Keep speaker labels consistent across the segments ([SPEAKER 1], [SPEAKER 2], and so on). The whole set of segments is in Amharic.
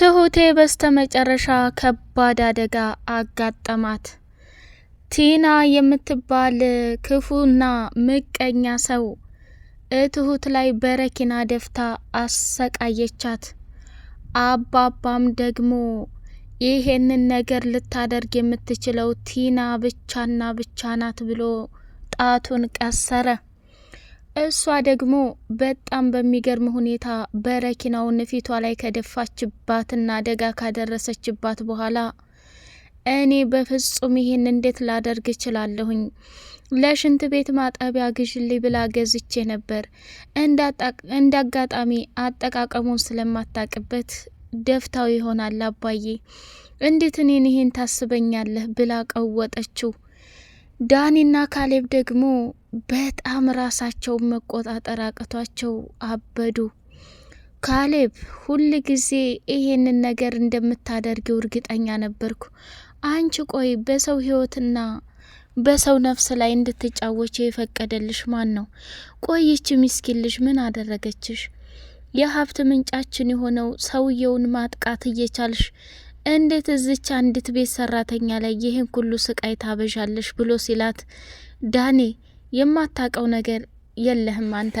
[SPEAKER 1] ትሁቴ በስተመጨረሻ ከባድ አደጋ አጋጠማት። ቲና የምትባል ክፉና ምቀኛ ሰው እትሁት ላይ በረኪና ደፍታ አሰቃየቻት። አባባም ደግሞ ይሄንን ነገር ልታደርግ የምትችለው ቲና ብቻና ብቻ ናት ብሎ ጣቱን ቀሰረ። እሷ ደግሞ በጣም በሚገርም ሁኔታ በረኪናውን ፊቷ ላይ ከደፋችባትና አደጋ ካደረሰችባት በኋላ እኔ በፍጹም ይሄን እንዴት ላደርግ እችላለሁኝ? ለሽንት ቤት ማጠቢያ ግዥልኝ ብላ ገዝቼ ነበር። እንደ አጋጣሚ አጠቃቀሙን ስለማታቅበት ደፍታው ይሆናል አባዬ፣ እንዴት እኔን ይሄን ታስበኛለህ? ብላ ቀወጠችው። ዳኒና ካሌብ ደግሞ በጣም ራሳቸውን መቆጣጠር አቅቷቸው አበዱ። ካሌብ ሁል ጊዜ ይሄንን ነገር እንደምታደርጊው እርግጠኛ ነበርኩ። አንቺ ቆይ በሰው ህይወትና በሰው ነፍስ ላይ እንድትጫወች የፈቀደልሽ ማን ነው? ቆይች ምስኪን ልጅ ምን አደረገችሽ? የሀብት ምንጫችን የሆነው ሰውየውን ማጥቃት እየቻልሽ እንዴት እዚች አንዲት ቤት ሰራተኛ ላይ ይህን ሁሉ ስቃይ ታበዣለሽ? ብሎ ሲላት ዳኔ የማታቀው ነገር የለህም አንተ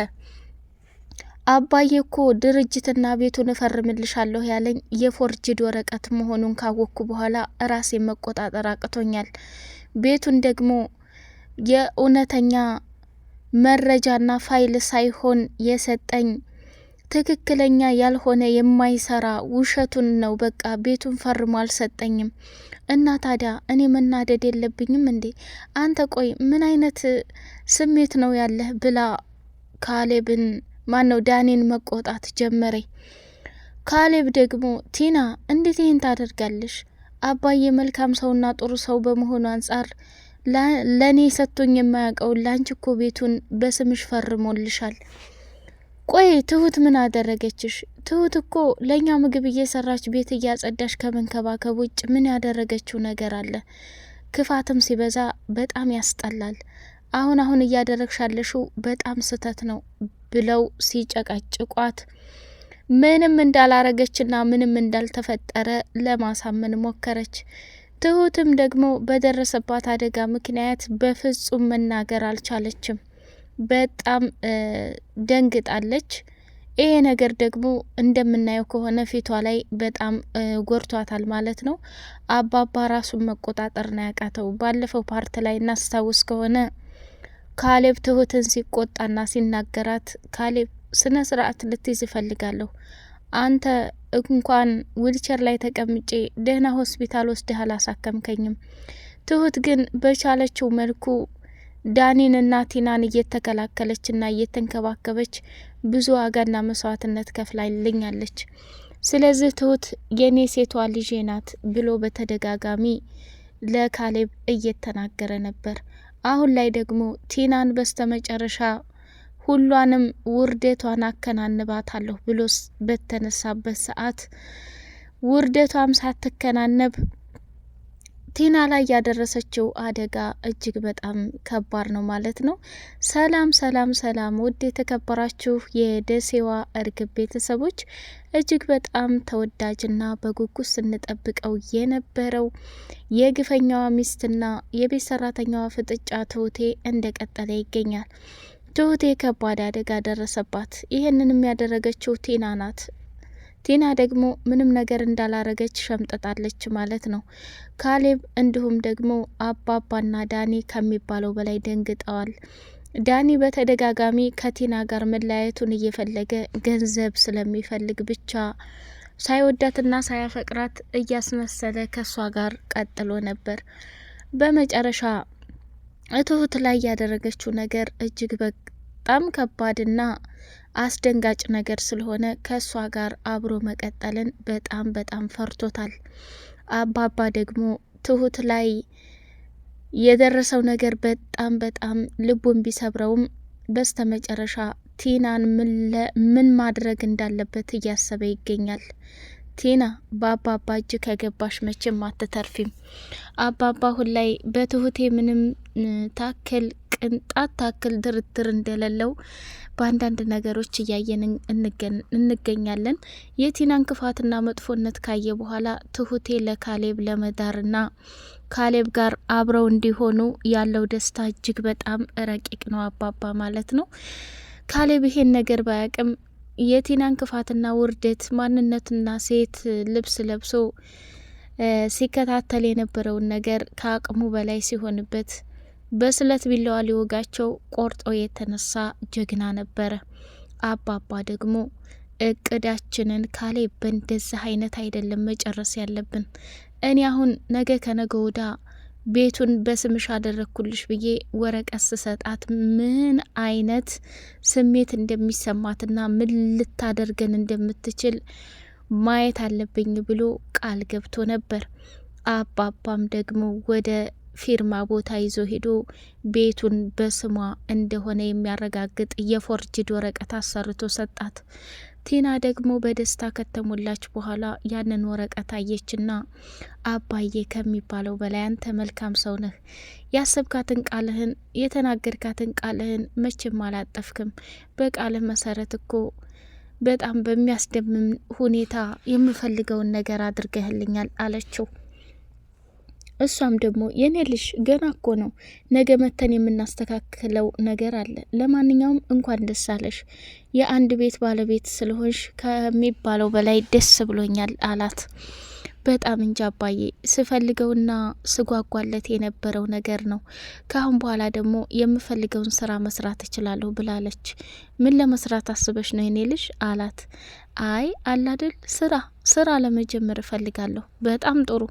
[SPEAKER 1] አባዬ እኮ ድርጅትና ቤቱን እፈርምልሻለሁ ያለኝ የፎርጅድ ወረቀት መሆኑን ካወቅኩ በኋላ ራሴ መቆጣጠር አቅቶኛል። ቤቱን ደግሞ የእውነተኛ መረጃና ፋይል ሳይሆን የሰጠኝ ትክክለኛ ያልሆነ የማይሰራ ውሸቱን ነው። በቃ ቤቱን ፈርሞ አልሰጠኝም። እና ታዲያ እኔ መናደድ የለብኝም እንዴ? አንተ ቆይ ምን አይነት ስሜት ነው ያለህ? ብላ ካሌብን ማን ነው ዳኔን መቆጣት ጀመረ። ካሌብ ደግሞ ቲና እንዴት ይህን ታደርጋለሽ? አባዬ መልካም ሰውና ጥሩ ሰው በመሆኑ አንጻር ለእኔ ሰጥቶኝ የማያውቀው ላንችኮ እኮ ቤቱን በስምሽ ፈርሞልሻል። ቆይ ትሁት ምን አደረገችሽ? ትሁት እኮ ለእኛ ምግብ እየሰራች ቤት እያጸዳሽ ከመንከባከብ ውጭ ምን ያደረገችው ነገር አለ? ክፋትም ሲበዛ በጣም ያስጠላል። አሁን አሁን እያደረግሽ ያለሽው በጣም ስህተት ነው ብለው ሲጨቃጭቋት ምንም እንዳላረገችና ምንም እንዳልተፈጠረ ለማሳመን ሞከረች። ትሁትም ደግሞ በደረሰባት አደጋ ምክንያት በፍጹም መናገር አልቻለችም። በጣም ደንግጣለች። ይሄ ነገር ደግሞ እንደምናየው ከሆነ ፊቷ ላይ በጣም ጎርቷታል ማለት ነው። አባባ ራሱን መቆጣጠር ነው ያቃተው። ባለፈው ፓርት ላይ እናስታውስ ከሆነ ካሌብ ትሁትን ሲቆጣና ሲናገራት ካሌብ ስነ ስርዓት ልትይዝ እፈልጋለሁ አንተ እንኳን ዊልቸር ላይ ተቀምጬ ደህና ሆስፒታል ወስደህ አላሳከምከኝም። ትሁት ግን በቻለችው መልኩ ዳኒንና ቲናን እየተከላከለችና እየተንከባከበች ብዙ ዋጋና መስዋዕትነት ከፍላልኛለች። ስለዚህ ትሁት የኔ ሴቷ ልጄ ናት ብሎ በተደጋጋሚ ለካሌብ እየተናገረ ነበር። አሁን ላይ ደግሞ ቲናን በስተመጨረሻ ሁሏንም ውርደቷን አከናንባታለሁ ብሎ በተነሳበት ሰዓት ውርደቷም ሳትከናነብ ቲና ላይ ያደረሰችው አደጋ እጅግ በጣም ከባድ ነው ማለት ነው። ሰላም ሰላም ሰላም! ውድ የተከበራችሁ የደሴዋ እርግብ ቤተሰቦች እጅግ በጣም ተወዳጅና በጉጉት ስንጠብቀው የነበረው የግፈኛዋ ሚስትና የቤት ሰራተኛዋ ፍጥጫ ትሁቴ እንደቀጠለ ይገኛል። ትሁቴ ከባድ አደጋ ደረሰባት። ይህንንም ያደረገችው ቲና ናት። ቲና ደግሞ ምንም ነገር እንዳላረገች ሸምጠጣለች ማለት ነው። ካሌብ እንዲሁም ደግሞ አባባና ዳኒ ከሚባለው በላይ ደንግጠዋል። ዳኒ በተደጋጋሚ ከቲና ጋር መለያየቱን እየፈለገ ገንዘብ ስለሚፈልግ ብቻ ሳይወዳትና ሳያፈቅራት እያስመሰለ ከእሷ ጋር ቀጥሎ ነበር። በመጨረሻ እትሁት ላይ ያደረገችው ነገር እጅግ በጣም ከባድና አስደንጋጭ ነገር ስለሆነ ከእሷ ጋር አብሮ መቀጠልን በጣም በጣም ፈርቶታል። አባባ ደግሞ ትሁት ላይ የደረሰው ነገር በጣም በጣም ልቡን ቢሰብረውም በስተ መጨረሻ ቲናን ምን ማድረግ እንዳለበት እያሰበ ይገኛል። ቲና በአባባ እጅ ከገባሽ መቼም አትተርፊም። አባባ አሁን ላይ በትሁቴ ምንም ታክል ቅንጣት ታክል ድርድር እንደሌለው በአንዳንድ ነገሮች እያየን እንገኛለን። የቲናን ክፋትና መጥፎነት ካየ በኋላ ትሁቴ ለካሌብ ለመዳርና ካሌብ ጋር አብረው እንዲሆኑ ያለው ደስታ እጅግ በጣም ረቂቅ ነው። አባባ ማለት ነው። ካሌብ ይሄን ነገር ባያቅም የቲናን ክፋትና ውርደት ማንነትና ሴት ልብስ ለብሶ ሲከታተል የነበረውን ነገር ከአቅሙ በላይ ሲሆንበት በስለት ቢላዋ ሊወጋቸው ቆርጦ የተነሳ ጀግና ነበረ። አባባ ደግሞ እቅዳችንን ካሌብ በእንደዚህ አይነት አይደለም መጨረስ ያለብን እኔ አሁን ነገ ከነገ ወዳ ቤቱን በስምሽ አደረግኩልሽ ብዬ ወረቀት ስሰጣት ምን አይነት ስሜት እንደሚሰማትና ምን ልታደርገን እንደምትችል ማየት አለብኝ ብሎ ቃል ገብቶ ነበር። አባባም ደግሞ ወደ ፊርማ ቦታ ይዞ ሄዶ ቤቱን በስሟ እንደሆነ የሚያረጋግጥ የፎርጅድ ወረቀት አሰርቶ ሰጣት። ቲና ደግሞ በደስታ ከተሞላች በኋላ ያንን ወረቀት አየችና አባዬ ከሚባለው በላይ አንተ መልካም ሰው ነህ። ያሰብካትን ቃልህን፣ የተናገርካትን ቃልህን መቼም አላጠፍክም። በቃልህ መሰረት እኮ በጣም በሚያስደምም ሁኔታ የምፈልገውን ነገር አድርገህልኛል አለችው። እሷም ደግሞ የኔ ልሽ ገና እኮ ነው፣ ነገ መተን የምናስተካክለው ነገር አለ። ለማንኛውም እንኳን ደስ አለሽ፣ የአንድ ቤት ባለቤት ስለሆንሽ ከሚባለው በላይ ደስ ብሎኛል አላት። በጣም እንጃ አባዬ ስፈልገውና ስጓጓለት የነበረው ነገር ነው። ከአሁን በኋላ ደግሞ የምፈልገውን ስራ መስራት እችላለሁ ብላለች። ምን ለመስራት አስበሽ ነው የኔ ልጅ አላት። አይ አላድል ስራ ስራ ለመጀመር እፈልጋለሁ። በጣም ጥሩ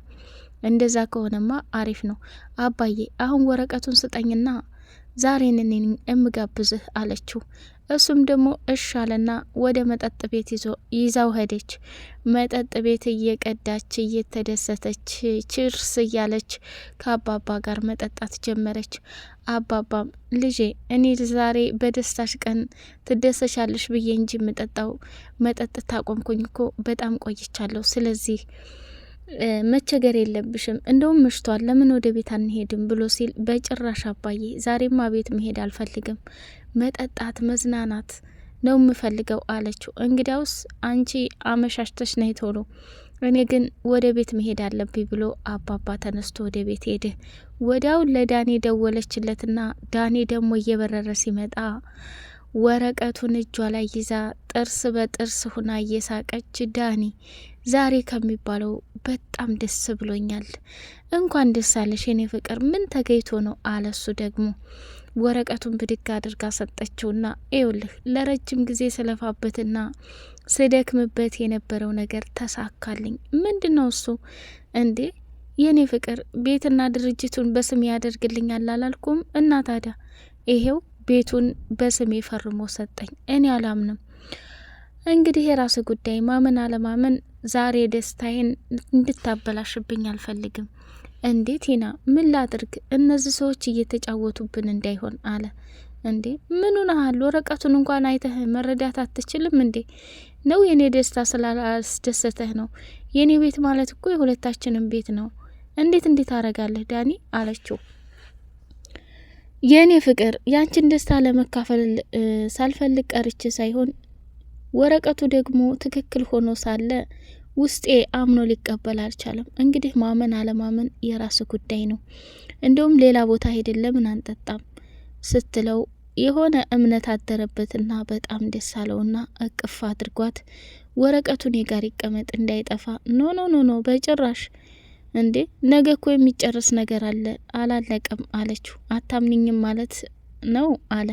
[SPEAKER 1] እንደዛ ከሆነማ አሪፍ ነው። አባዬ አሁን ወረቀቱን ስጠኝና ዛሬን እኔን እምጋብዝህ አለችው። እሱም ደግሞ እሽ አለና ወደ መጠጥ ቤት ይዞ ይዛው ሄደች። መጠጥ ቤት እየቀዳች እየተደሰተች ችርስ እያለች ከአባባ ጋር መጠጣት ጀመረች። አባባም ልጄ እኔ ዛሬ በደስታሽ ቀን ትደሰሻለሽ ብዬ እንጂ የምጠጣው መጠጥ ታቆምኩኝ እኮ በጣም ቆይቻለሁ። ስለዚህ መቸገር የለብሽም እንደውም ምሽቷል፣ ለምን ወደ ቤት አንሄድም ብሎ ሲል በጭራሽ አባዬ፣ ዛሬማ ቤት መሄድ አልፈልግም፣ መጠጣት መዝናናት ነው የምፈልገው አለችው። እንግዲያውስ አንቺ አመሻሽተሽ ነይ ቶሎ፣ እኔ ግን ወደ ቤት መሄድ አለብኝ ብሎ አባባ ተነስቶ ወደ ቤት ሄደ። ወዲያው ለዳኔ ደወለችለትና ዳኔ ደግሞ እየበረረ ሲመጣ ወረቀቱን እጇ ላይ ይዛ ጥርስ በጥርስ ሁና እየሳቀች ዳኒ ዛሬ ከሚባለው በጣም ደስ ብሎኛል። እንኳን ደስ አለሽ የኔ ፍቅር፣ ምን ተገይቶ ነው አለሱ ደግሞ ወረቀቱን ብድግ አድርጋ ሰጠችውና ይውልህ ለረጅም ጊዜ ስለፋበትና ስደክምበት የነበረው ነገር ተሳካልኝ። ምንድን ነው እሱ? እንዴ የኔ ፍቅር ቤትና ድርጅቱን በስም ያደርግልኛል አላልኩም? እና ታዲያ ይሄው ቤቱን በስሜ ፈርሞ ሰጠኝ። እኔ አላምንም። እንግዲህ የራስ ጉዳይ ማመን አለማመን። ዛሬ ደስታዬን እንድታበላሽብኝ አልፈልግም። እንዴ ቲና፣ ምን ላድርግ? እነዚህ ሰዎች እየተጫወቱብን እንዳይሆን አለ። እንዴ ምኑ ሆነሃል? ወረቀቱን እንኳን አይተህ መረዳት አትችልም እንዴ? ነው የኔ ደስታ ስላላስደሰተህ ነው? የኔ ቤት ማለት እኮ የሁለታችንም ቤት ነው። እንዴት እንዴት አረጋለህ ዳኒ አለችው። የእኔ ፍቅር ያንቺን ደስታ ለመካፈል ሳልፈልግ ቀርቼ ሳይሆን ወረቀቱ ደግሞ ትክክል ሆኖ ሳለ ውስጤ አምኖ ሊቀበል አልቻለም። እንግዲህ ማመን አለማመን የራስ ጉዳይ ነው። እንዲሁም ሌላ ቦታ ሄደን ለምን አንጠጣም ስትለው የሆነ እምነት አደረበትና በጣም ደስ አለውና እቅፍ አድርጓት ወረቀቱን የጋር ይቀመጥ እንዳይጠፋ፣ ኖ ኖ ኖ ኖ በጭራሽ እንዴ ነገ እኮ የሚጨርስ ነገር አለ አላለቀም አለችው። አታምንኝም ማለት ነው አለ።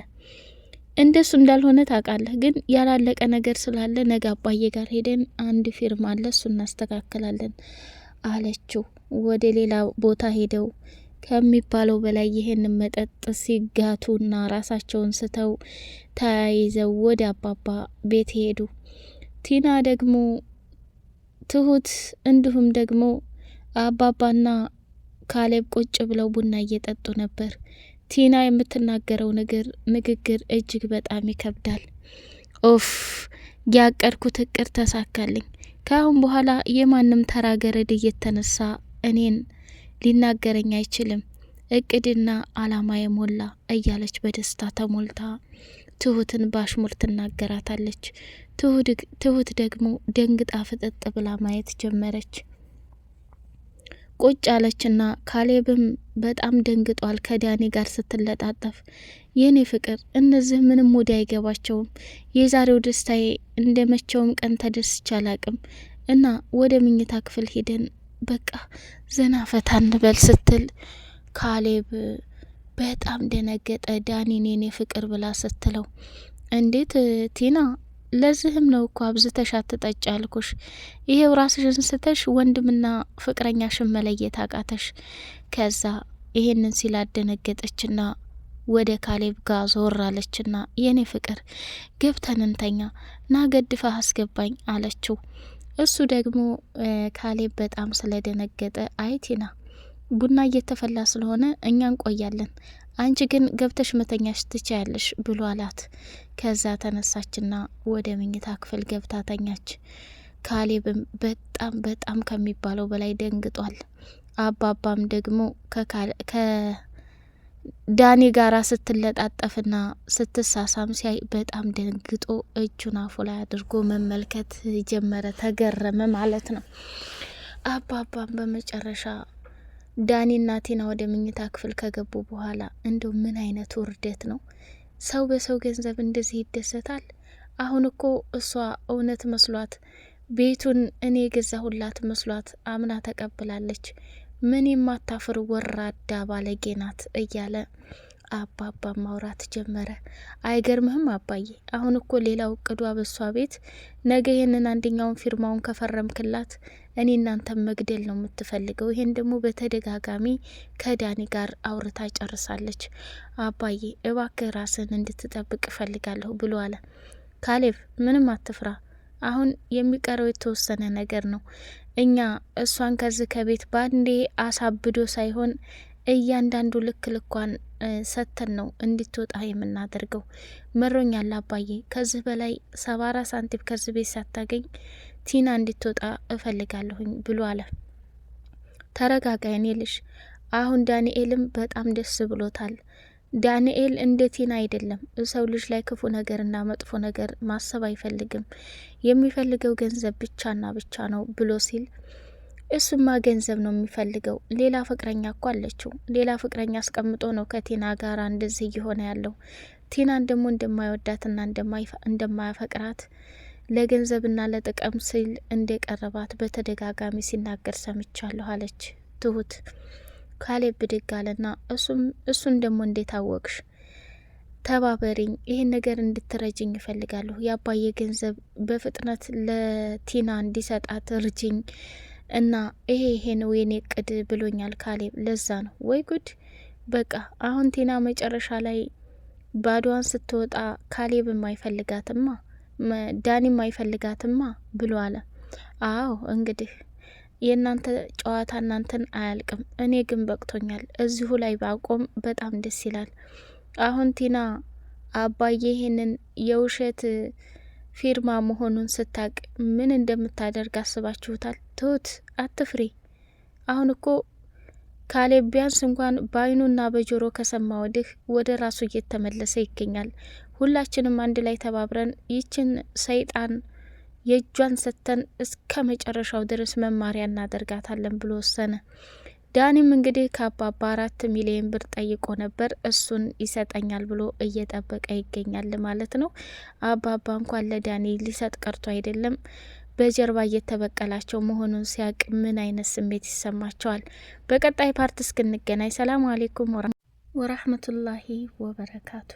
[SPEAKER 1] እንደሱ እንዳልሆነ ታውቃለህ፣ ግን ያላለቀ ነገር ስላለ ነገ አባዬ ጋር ሄደን አንድ ፊርማ አለ እሱ እናስተካከላለን አለችው። ወደ ሌላ ቦታ ሄደው ከሚባለው በላይ ይህን መጠጥ ሲጋቱና ራሳቸውን ስተው ተያይዘው ወደ አባባ ቤት ሄዱ። ቲና ደግሞ ትሁት እንዲሁም ደግሞ አባባና ካሌብ ቁጭ ብለው ቡና እየጠጡ ነበር። ቲና የምትናገረው ንግግር እጅግ በጣም ይከብዳል። ኦፍ ያቀድኩት እቅድ ተሳካልኝ። ከአሁን በኋላ የማንም ተራ ገረድ እየተነሳ እኔን ሊናገረኝ አይችልም። እቅድና አላማ የሞላ እያለች በደስታ ተሞልታ ትሁትን ባሽሙር ትናገራታለች። ትሁት ደግሞ ደንግጣ ፍጥጥ ብላ ማየት ጀመረች። ቁጭ አለችና ካሌብም በጣም ደንግጧል። ከዳኒ ጋር ስትለጣጠፍ የኔ ፍቅር እነዚህ ምንም ወዲ አይገባቸውም። የዛሬው ደስታዬ እንደ መቼውም ቀን ተደስቼ አላቅም እና ወደ ምኝታ ክፍል ሄደን በቃ ዘና ፈታ እንበል ስትል ካሌብ በጣም ደነገጠ። ዳኒን የኔ ፍቅር ብላ ስትለው እንዴት ቲና ለዚህም ነው እኮ አብዝተሽ አትጠጭ አልኩሽ። ይሄው ራስሽን ስተሽ ወንድምና ፍቅረኛሽን መለየት አቃተሽ። ከዛ ይሄንን ሲላደነገጠችና ወደ ካሌብ ጋር ዞር አለችና የኔ ፍቅር ገብተን እንተኛ ና ገድፈህ አስገባኝ አለችው። እሱ ደግሞ ካሌብ በጣም ስለደነገጠ አይ ቡና እየተፈላ ስለሆነ እኛ እንቆያለን አንቺ ግን ገብተሽ መተኛሽ ትችያለሽ ብሎ አላት። ከዛ ተነሳችና ወደ መኝታ ክፍል ገብታ ተኛች። ካሌብም በጣም በጣም ከሚባለው በላይ ደንግጧል። አባባም ደግሞ ከዳኒ ጋር ስትለጣጠፍና ስትሳሳም ሲያይ በጣም ደንግጦ እጁን አፉ ላይ አድርጎ መመልከት ጀመረ። ተገረመ ማለት ነው። አባባም በመጨረሻ ዳኒና ቲና ወደ ምኝታ ክፍል ከገቡ በኋላ እንደው ምን አይነት ውርደት ነው! ሰው በሰው ገንዘብ እንደዚህ ይደሰታል? አሁን እኮ እሷ እውነት መስሏት ቤቱን እኔ የገዛሁላት መስሏት አምና ተቀብላለች። ምን የማታፍር ወራዳ ባለጌ ናት እያለ አባባ ማውራት ጀመረ። አይገርምህም አባዬ፣ አሁን እኮ ሌላው እቅዷ በሷ ቤት ነገ ይህንን አንደኛውን ፊርማውን ከፈረምክላት እኔ እናንተን መግደል ነው የምትፈልገው። ይሄን ደግሞ በተደጋጋሚ ከዳኒ ጋር አውርታ ጨርሳለች። አባዬ እባክህ ራስን እንድትጠብቅ እፈልጋለሁ ብሎ አለ ካሌብ። ምንም አትፍራ፣ አሁን የሚቀረው የተወሰነ ነገር ነው። እኛ እሷን ከዚህ ከቤት በአንዴ አሳብዶ ሳይሆን እያንዳንዱ ልክ ልኳን ሰተን ነው እንድትወጣ የምናደርገው። መሮኛል አባዬ፣ ከዚህ በላይ ሰባ አራት ሳንቲም ከዚህ ቤት ሳታገኝ ቲና እንድትወጣ እፈልጋለሁኝ ብሎ አለ። ተረጋጋ የኔ ልጅ። አሁን ዳንኤልም በጣም ደስ ብሎታል። ዳንኤል እንደ ቲና አይደለም። ሰው ልጅ ላይ ክፉ ነገርና መጥፎ ነገር ማሰብ አይፈልግም። የሚፈልገው ገንዘብ ብቻና ብቻ ነው ብሎ ሲል እሱማ ገንዘብ ነው የሚፈልገው። ሌላ ፍቅረኛ እኮ አለችው። ሌላ ፍቅረኛ አስቀምጦ ነው ከቲና ጋር እንደዚህ እየሆነ ያለው። ቲናን ደግሞ እንደማይወዳትና እንደማያፈቅራት ለገንዘብና ለጥቅም ሲል እንደቀረባት በተደጋጋሚ ሲናገር ሰምቻለሁ አለች ትሁት። ካሌብ ብድግ አለና እሱም እሱን ደግሞ እንዴት አወቅሽ? ተባበሪኝ፣ ይህን ነገር እንድትረጅኝ እፈልጋለሁ። የአባዬ ገንዘብ በፍጥነት ለቲና እንዲሰጣት እርጅኝ እና ይሄ ይሄ ወይኔ ቅድ ብሎኛል ካሌብ። ለዛ ነው ወይ ጉድ! በቃ አሁን ቴና መጨረሻ ላይ ባዷን ስትወጣ ካሌብ ማይፈልጋትማ ዳኒም ማይፈልጋትማ ብሎ አለ። አዎ እንግዲህ የእናንተ ጨዋታ እናንተን አያልቅም። እኔ ግን በቅቶኛል። እዚሁ ላይ ባቆም በጣም ደስ ይላል። አሁን ቲና አባዬ ይህንን የውሸት ፊርማ መሆኑን ስታቅ ምን እንደምታደርግ አስባችሁታል? ትሁት አትፍሪ። አሁን እኮ ካሌብ ቢያንስ እንኳን በአይኑና በጆሮ ከሰማ ወዲህ ወደ ራሱ እየተመለሰ ይገኛል። ሁላችንም አንድ ላይ ተባብረን ይችን ሰይጣን የእጇን ሰጥተን እስከ መጨረሻው ድረስ መማሪያ እናደርጋታለን ብሎ ወሰነ። ዳኒም እንግዲህ ከአባባ አራት ሚሊዮን ብር ጠይቆ ነበር። እሱን ይሰጠኛል ብሎ እየጠበቀ ይገኛል ማለት ነው። አባባ እንኳን ለዳኒ ሊሰጥ ቀርቶ አይደለም በጀርባ እየተበቀላቸው መሆኑን ሲያቅ ምን አይነት ስሜት ይሰማቸዋል? በቀጣይ ፓርት እስክንገናኝ ሰላም አሌይኩም ወራህመቱላሂ ወበረካቱ።